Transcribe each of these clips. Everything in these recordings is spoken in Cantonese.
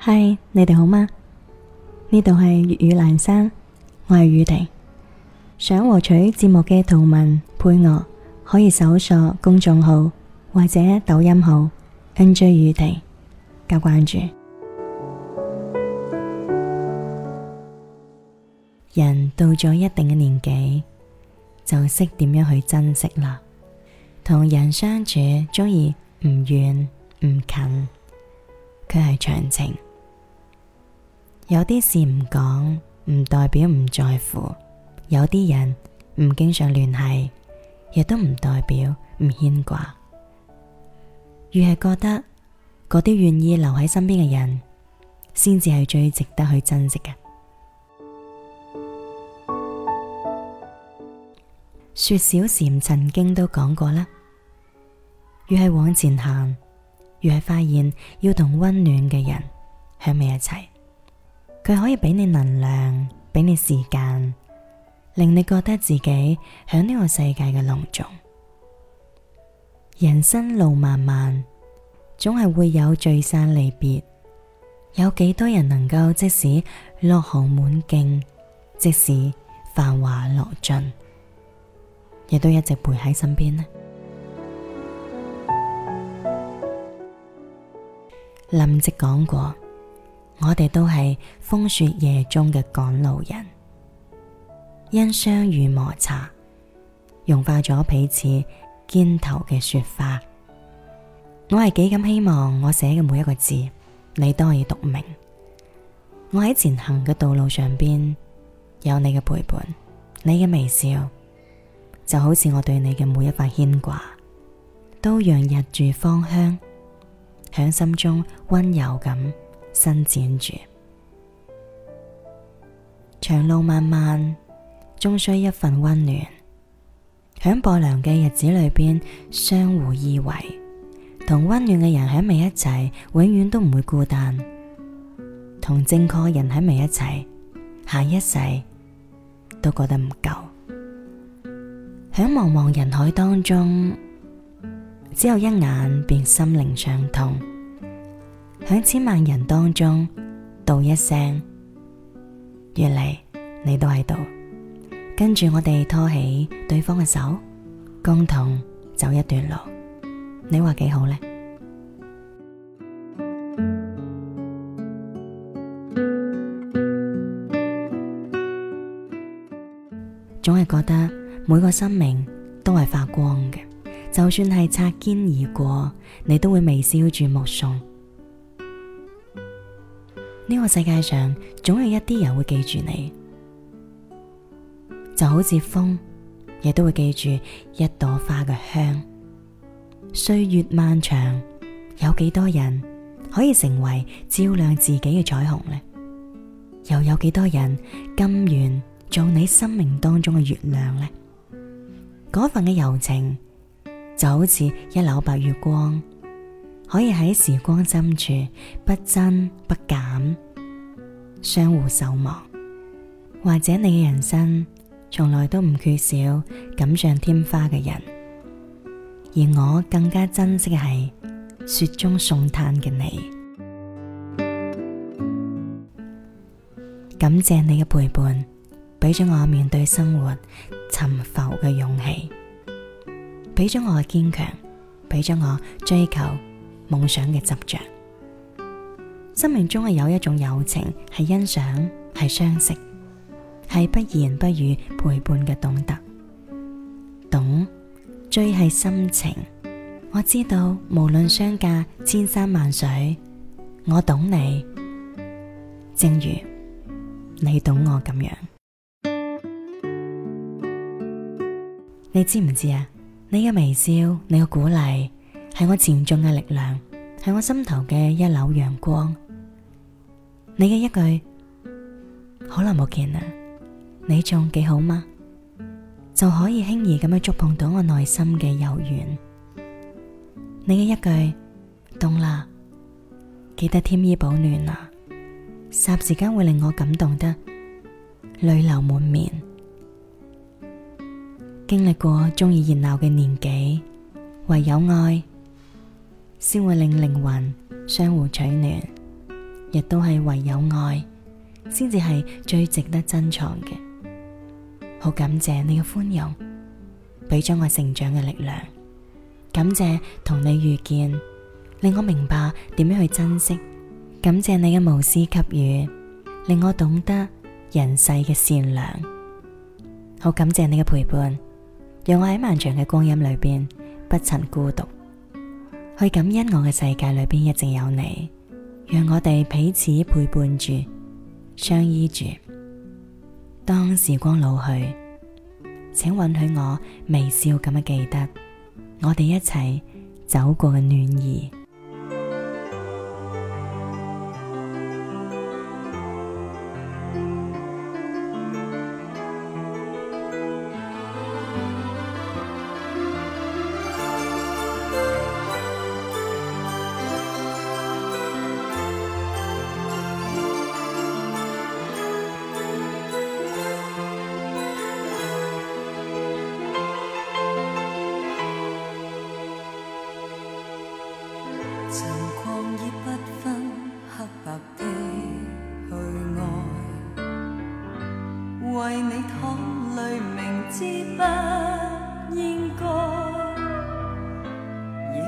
嗨，Hi，你哋好嗎？呢度係粵語蘭珊，我係宇婷。想獲取節目嘅圖文配樂，可以搜索公眾號或者抖音號 NJ 宇婷加關注。 人到咗一定嘅年紀，就識點樣去珍惜啦。同人相處，鍾意唔遠唔近，佢係長情。有啲事唔講，唔代表唔在乎；有啲人唔經常聯繫，亦都唔代表唔牽掛。越係覺得嗰啲願意留喺身邊嘅人，先至係最值得去珍惜嘅。雪小禪曾經都講過啦，越係往前行，越係發現要同溫暖嘅人喺埋一齊。佢可以畀你能量，畀你時間，令你覺得自己喺呢個世界嘅隆重。人生路漫漫，總係會有聚散離別。有幾多人能夠即使落紅滿徑，即使繁華落盡，亦都一直陪喺身邊呢？林夕講過。我哋都係風雪夜中嘅趕路人，因相遇磨擦，融化咗彼此肩頭嘅雪花。我係幾咁希望我寫嘅每一個字，你都可以讀明。我喺前行嘅道路上邊，有你嘅陪伴，你嘅微笑就好似我對你嘅每一份牽掛，都洋溢住芳香響心中溫柔咁。伸展住，長路漫漫，終需一份溫暖。響薄涼嘅日子裏邊，相互依偎，同溫暖嘅人喺埋一齊，永遠都唔會孤單。同正確人喺埋一齊，下一世都覺得唔夠。響茫茫人海當中，只有一眼便心意相通。喺千萬人當中，道一聲，原嚟你都喺度，跟住我哋拖起對方嘅手，共同走一段路。你話幾好呢？總係覺得每個生命都係發光嘅，就算係擦肩而過，你都會微笑住目送。呢個世界上總有一啲人會記住你，就好似風，亦都會記住一朵花嘅香。歲月漫長，有幾多人可以成為照亮自己嘅彩虹呢？又有幾多人甘願做你生命當中嘅月亮呢？嗰份嘅柔情就好似一縷白月光。可以喺時光深處不增不減，相互守望；或者你嘅人生從來都唔缺少錦上添花嘅人，而我更加珍惜嘅係雪中送炭嘅你。感謝你嘅陪伴，俾咗我面對生活沉浮嘅勇氣，俾咗我嘅堅強，俾咗我追求。夢想嘅執着，生命中係有一種友情，係欣賞，係相惜，係不言不語陪伴嘅懂得，懂，最係深情。我知道，無論相隔千山萬水，我懂你，正如你懂我咁樣。你知唔知啊？你嘅微笑，你嘅鼓勵，係我前進嘅力量。係我心頭嘅一縷陽光，你嘅一句好耐冇見啦，你仲幾好嗎？就可以輕易咁樣觸碰到我內心嘅柔軟。你嘅一句凍啦，記得添衣保暖啊，霎時間會令我感動得淚流滿面。經歷過中意熱鬧嘅年紀，唯有愛。先會令靈魂相互取暖，亦都係唯有愛，先至係最值得珍藏嘅。好感謝你嘅寬容，俾咗我成長嘅力量。感謝同你遇見，令我明白點樣去珍惜。感謝你嘅無私給予，令我懂得人世嘅善良。好感謝你嘅陪伴，讓我喺漫長嘅光陰裏邊不曾孤獨。去感恩我嘅世界裏邊一直有你，讓我哋彼此陪伴住、相依住。當時光老去，請允許我微笑咁樣記得我哋一齊走過嘅暖意。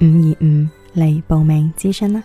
五二五嚟報名諮詢啦！